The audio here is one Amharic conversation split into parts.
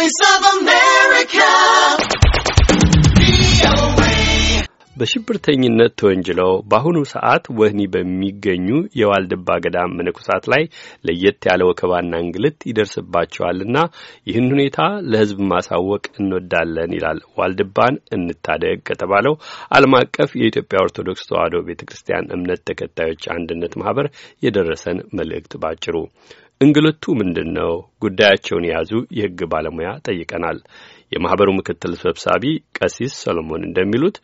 Voice of America. በሽብርተኝነት ተወንጅለው በአሁኑ ሰዓት ወህኒ በሚገኙ የዋልድባ ገዳም መነኮሳት ላይ ለየት ያለ ወከባና እንግልት ይደርስባቸዋልና ይህን ሁኔታ ለሕዝብ ማሳወቅ እንወዳለን ይላል ዋልድባን እንታደግ ከተባለው ዓለም አቀፍ የኢትዮጵያ ኦርቶዶክስ ተዋሕዶ ቤተ ክርስቲያን እምነት ተከታዮች አንድነት ማህበር የደረሰን መልእክት ባጭሩ እንግልቱ ምንድን ነው? ጉዳያቸውን የያዙ የሕግ ባለሙያ ጠይቀናል። የማኅበሩ ምክትል ሰብሳቢ ቀሲስ ሰሎሞን እንደሚሉት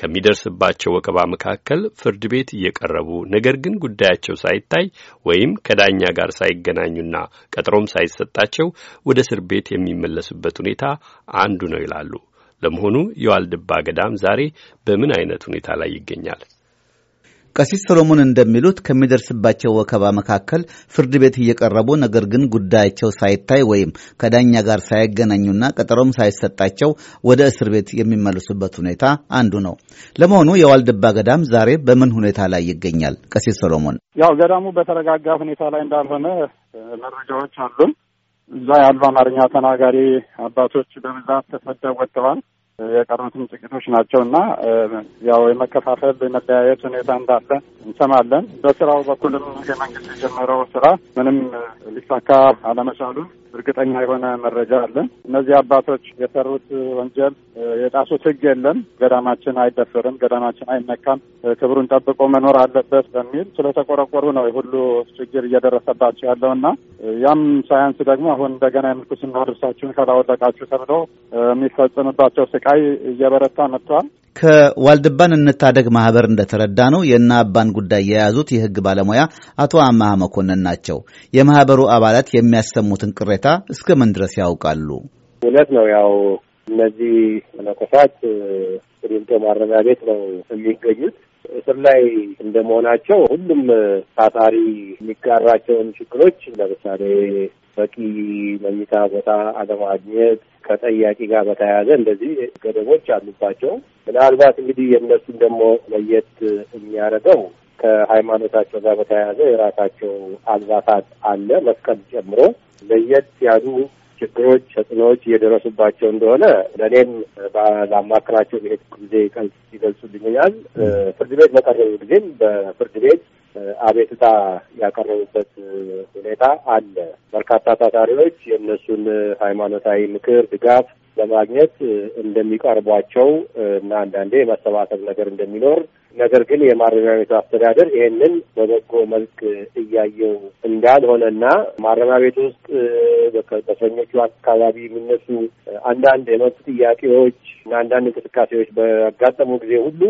ከሚደርስባቸው ወከባ መካከል ፍርድ ቤት እየቀረቡ ነገር ግን ጉዳያቸው ሳይታይ ወይም ከዳኛ ጋር ሳይገናኙና ቀጠሮም ሳይሰጣቸው ወደ እስር ቤት የሚመለሱበት ሁኔታ አንዱ ነው ይላሉ። ለመሆኑ የዋልድባ ገዳም ዛሬ በምን አይነት ሁኔታ ላይ ይገኛል? ቀሲስ ሰሎሞን እንደሚሉት ከሚደርስባቸው ወከባ መካከል ፍርድ ቤት እየቀረቡ ነገር ግን ጉዳያቸው ሳይታይ ወይም ከዳኛ ጋር ሳይገናኙና ቀጠሮም ሳይሰጣቸው ወደ እስር ቤት የሚመልሱበት ሁኔታ አንዱ ነው። ለመሆኑ የዋልድባ ገዳም ዛሬ በምን ሁኔታ ላይ ይገኛል? ቀሲስ ሰሎሞን፣ ያው ገዳሙ በተረጋጋ ሁኔታ ላይ እንዳልሆነ መረጃዎች አሉን። እዛ ያሉ አማርኛ ተናጋሪ አባቶች በብዛት ተሰደው ወጥተዋል። የቀሩትም ጥቂቶች ናቸው እና ያው የመከፋፈል የመለያየት ሁኔታ እንዳለ እንሰማለን። በስራው በኩልም የመንግስት የጀመረው ስራ ምንም ሊሳካ አለመቻሉን እርግጠኛ የሆነ መረጃ አለን። እነዚህ አባቶች የሰሩት ወንጀል የጣሱት ሕግ የለም። ገዳማችን አይደፍርም፣ ገዳማችን አይነካም፣ ክብሩን ጠብቆ መኖር አለበት በሚል ስለተቆረቆሩ ነው ሁሉ ችግር እየደረሰባቸው ያለው እና ያም ሳያንስ ደግሞ አሁን እንደገና የምንኩስና ድርሳችሁን ካላወለቃችሁ ተብሎ የሚፈጽምባቸው ስቃይ እየበረታ መጥቷል። ከዋልድባን እንታደግ ማህበር እንደተረዳ ነው የእነ አባን ጉዳይ የያዙት የህግ ባለሙያ አቶ አማሃ መኮንን ናቸው። የማህበሩ አባላት የሚያሰሙትን ቅሬታ ሁኔታ እስከ ድረስ ያውቃሉ። እውነት ነው። ያው እነዚህ መነኮሳት ቂሊንጦ ማረሚያ ቤት ነው የሚገኙት። እስር ላይ እንደመሆናቸው ሁሉም ታሳሪ የሚጋራቸውን ችግሮች ለምሳሌ በቂ መኝታ ቦታ አለማግኘት፣ ከጠያቂ ጋር በተያያዘ እንደዚህ ገደቦች አሉባቸው። ምናልባት እንግዲህ የእነሱን ደግሞ ለየት የሚያደርገው ከሃይማኖታቸው ጋር በተያያዘ የራሳቸው አልባሳት አለ መስቀል ጨምሮ ለየት ያሉ ችግሮች፣ ተጽዕኖዎች እየደረሱባቸው እንደሆነ ለእኔም ላማክራቸው ሄድ ጊዜ ይገልጹልኛል። ፍርድ ቤት በቀረቡ ጊዜም በፍርድ ቤት አቤትታ ያቀረቡበት ሁኔታ አለ። በርካታ ታታሪዎች የእነሱን ሃይማኖታዊ ምክር ድጋፍ ለማግኘት እንደሚቀርቧቸው እና አንዳንዴ የመሰባሰብ ነገር እንደሚኖር ነገር ግን የማረሚያ ቤቱ አስተዳደር ይህንን በበጎ መልክ እያየው እንዳልሆነና ማረሚያ ቤት ውስጥ በሰኞቹ አካባቢ የሚነሱ አንዳንድ የመብት ጥያቄዎች እና አንዳንድ እንቅስቃሴዎች በጋጠሙ ጊዜ ሁሉ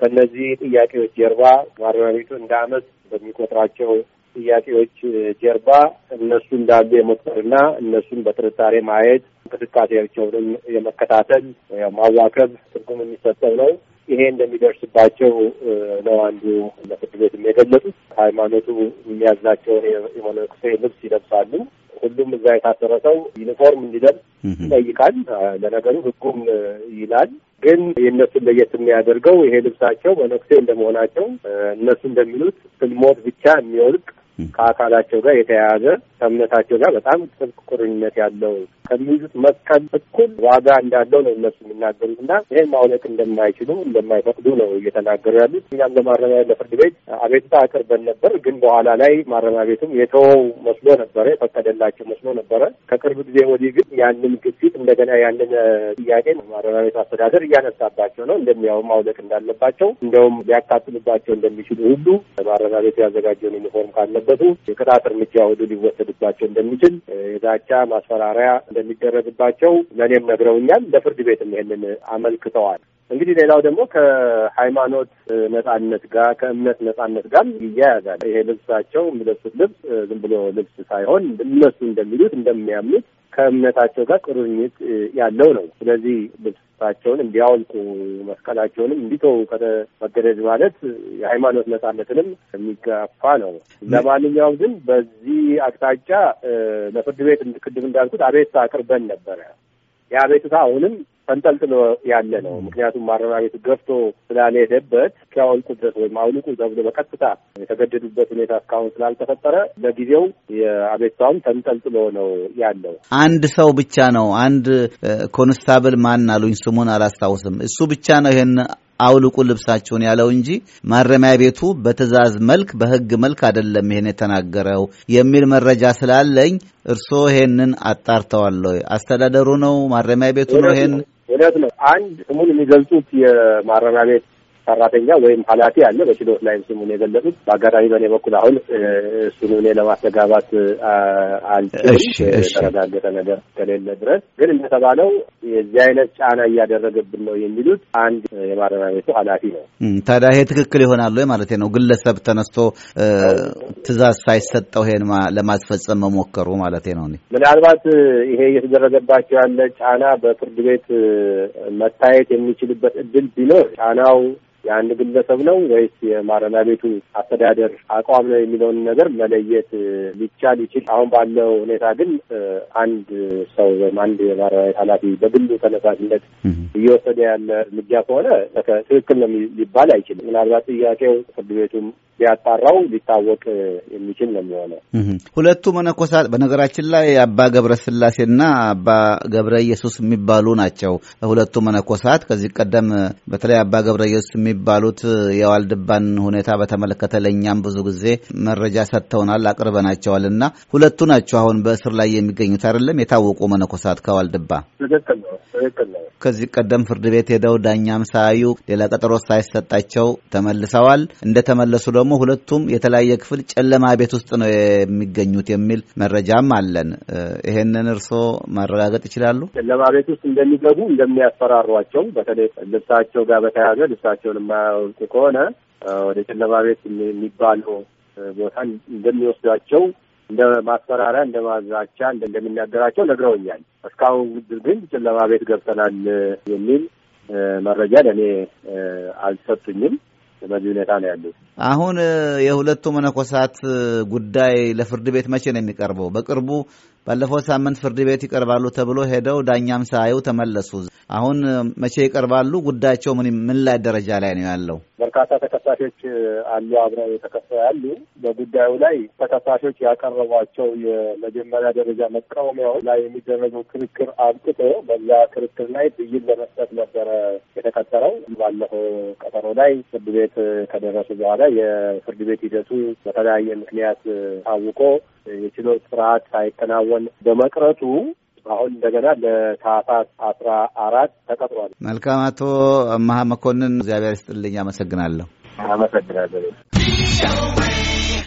ከእነዚህ ጥያቄዎች ጀርባ ማረሚያ ቤቱ እንደ አመት በሚቆጥራቸው ጥያቄዎች ጀርባ እነሱ እንዳሉ የመቁጠርና እነሱን በጥርጣሬ ማየት እንቅስቃሴያቸውንም የመከታተል ማዋከብ ትርጉም የሚሰጠው ነው። ይሄ እንደሚደርስባቸው ነው አንዱ ለፍርድ ቤት የገለጹት። ሃይማኖቱ የሚያዝናቸውን የመነኩሴ ልብስ ይለብሳሉ። ሁሉም እዛ የታሰረ ሰው ዩኒፎርም እንዲለብስ ይጠይቃል። ለነገሩ ህጉም ይላል። ግን የእነሱን ለየት የሚያደርገው ይሄ ልብሳቸው መነኩሴ እንደመሆናቸው እነሱ እንደሚሉት ስልሞት ብቻ የሚወልቅ ከአካላቸው ጋር የተያያዘ ከእምነታቸው ጋር በጣም ጥብቅ ቁርኝነት ያለው ከሚይዙት መስቀል እኩል ዋጋ እንዳለው ነው እነሱ የሚናገሩት እና ይህን ማውለቅ እንደማይችሉ እንደማይፈቅዱ ነው እየተናገሩ ያሉት። እኛም ለማረሚያ ለፍርድ ቤት አቤቱታ አቅርበን ነበር። ግን በኋላ ላይ ማረሚያ ቤቱም የተወው መስሎ ነበረ፣ የፈቀደላቸው መስሎ ነበረ። ከቅርብ ጊዜ ወዲህ ግን ያንን ግፊት እንደገና ያንን ጥያቄ ማረሚያ ቤቱ አስተዳደር እያነሳባቸው ነው። እንደሚያው ማውለቅ እንዳለባቸው እንደውም ሊያቃጥሉባቸው እንደሚችሉ ሁሉ ማረሚያ ቤቱ ያዘጋጀውን ዩኒፎርም ካለበቱ የቅጣት እርምጃ ሁሉ ሊወሰድባቸው እንደሚችል የዛቻ ማስፈራሪያ እንደሚደረግባቸው ለእኔም ነግረውኛል። ለፍርድ ቤትም ይህንን አመልክተዋል። እንግዲህ ሌላው ደግሞ ከሃይማኖት ነጻነት ጋር ከእምነት ነጻነት ጋር ይያያዛል። ይሄ ልብሳቸው የሚለብሱት ልብስ ዝም ብሎ ልብስ ሳይሆን እነሱ እንደሚሉት እንደሚያምኑት ከእምነታቸው ጋር ቁርኝት ያለው ነው። ስለዚህ ልብሳቸውን እንዲያወልቁ መስቀላቸውንም እንዲተው መገደድ ማለት የሃይማኖት ነጻነትንም የሚጋፋ ነው። ለማንኛውም ግን በዚህ አቅጣጫ ለፍርድ ቤት ቅድም እንዳልኩት አቤቱታ አቅርበን ነበረ። የአቤቱታ አሁንም ተንጠልጥሎ ያለ ነው። ምክንያቱም ማረሚያ ቤቱ ገፍቶ ስላልሄደበት እስኪያወልቁ ድረስ ወይም አውልቁ ተብሎ በቀጥታ የተገደዱበት ሁኔታ እስካሁን ስላልተፈጠረ ለጊዜው የአቤቱታውን ተንጠልጥሎ ነው ያለው። አንድ ሰው ብቻ ነው አንድ ኮንስታብል ማን አሉኝ፣ ስሙን አላስታውስም። እሱ ብቻ ነው ይሄን አውልቁ ልብሳቸውን ያለው እንጂ ማረሚያ ቤቱ በትዕዛዝ መልክ በህግ መልክ አይደለም ይሄን የተናገረው የሚል መረጃ ስላለኝ እርስዎ ይሄንን አጣርተዋለሁ። አስተዳደሩ ነው ማረሚያ ቤቱ ነው ይሄን እውነት ነው። አንድ ስሙን የሚገልጹት የማረሚያ ቤት ሰራተኛ ወይም ኃላፊ አለ። በችሎት ላይም ስሙን የገለጹት በአጋጣሚ በእኔ በኩል አሁን እሱን እኔ ለማስተጋባት አልችልም የተረጋገጠ ነገር ከሌለ ድረስ። ግን እንደተባለው የዚህ አይነት ጫና እያደረገብን ነው የሚሉት አንድ የማረሚያ ቤቱ ኃላፊ ነው። ታዲያ ይሄ ትክክል ይሆናል ወይ ማለት ነው? ግለሰብ ተነስቶ ትዕዛዝ ሳይሰጠው ይሄን ለማስፈጸም መሞከሩ ማለት ነው። ምናልባት ይሄ እየተደረገባቸው ያለ ጫና በፍርድ ቤት መታየት የሚችልበት እድል ቢኖር ጫናው የአንድ ግለሰብ ነው ወይስ የማረሚያ ቤቱ አስተዳደር አቋም ነው የሚለውን ነገር መለየት ሊቻል ይችል። አሁን ባለው ሁኔታ ግን አንድ ሰው ወይም አንድ የማረሚያ ቤት ኃላፊ በግሉ ተነሳሽነት እየወሰደ ያለ እርምጃ ከሆነ ትክክል ነው ሊባል አይችልም። ምናልባት ጥያቄው ፍርድ ቤቱም ሊያጣራው ሊታወቅ የሚችል ነው የሚሆነው። ሁለቱ መነኮሳት በነገራችን ላይ አባ ገብረ ስላሴና አባ ገብረ ኢየሱስ የሚባሉ ናቸው። ሁለቱ መነኮሳት ከዚህ ቀደም በተለይ አባ ገብረ ኢየሱስ የሚባሉት የዋልድባን ሁኔታ በተመለከተ ለእኛም ብዙ ጊዜ መረጃ ሰጥተውናል፣ አቅርበናቸዋል እና ሁለቱ ናቸው አሁን በእስር ላይ የሚገኙት አይደለም? የታወቁ መነኮሳት ከዋልድባ ከዚህ ቀደም ፍርድ ቤት ሄደው ዳኛም ሳያዩ ሌላ ቀጠሮ ሳይሰጣቸው ተመልሰዋል። እንደተመለሱ ደግሞ ሁለቱም የተለያየ ክፍል ጨለማ ቤት ውስጥ ነው የሚገኙት የሚል መረጃም አለን። ይሄንን እርስዎ ማረጋገጥ ይችላሉ? ጨለማ ቤት ውስጥ እንደሚገቡ እንደሚያስፈራሯቸው፣ በተለይ ልብሳቸው ጋር በተያያዘ ልብሳቸውን የማያወጡ ከሆነ ወደ ጨለማ ቤት የሚባለው ቦታ እንደሚወስዷቸው እንደ ማስፈራሪያ፣ እንደ ማዛቻ እንደሚናገራቸው ነግረውኛል። እስካሁን ግን ጨለማ ቤት ገብተናል የሚል መረጃ ለእኔ አልሰጡኝም። በዚህ ሁኔታ ነው ያሉት። አሁን የሁለቱ መነኮሳት ጉዳይ ለፍርድ ቤት መቼ ነው የሚቀርበው? በቅርቡ ባለፈው ሳምንት ፍርድ ቤት ይቀርባሉ ተብሎ ሄደው ዳኛም ሳያዩ ተመለሱ። አሁን መቼ ይቀርባሉ? ጉዳያቸው ምን ላይ ደረጃ ላይ ነው ያለው? በርካታ ተከሳሾች አሉ፣ አብረው የተከሰ ያሉ። በጉዳዩ ላይ ተከሳሾች ያቀረቧቸው የመጀመሪያ ደረጃ መቃወሚያዎች ላይ የሚደረገው ክርክር አብቅቶ በዛ ክርክር ላይ ብይን ለመስጠት ነበረ የተቀጠረው። ባለፈው ቀጠሮ ላይ ፍርድ ቤት ከደረሱ በኋላ የፍርድ ቤት ሂደቱ በተለያየ ምክንያት ታውቆ የችሎት ስርዓት ሳይከናወን በመቅረቱ አሁን እንደገና ለታህሳስ አስራ አራት ተቀጥሯል። መልካም። አቶ መሀ መኮንን እግዚአብሔር ይስጥልኝ። አመሰግናለሁ። አመሰግናለሁ።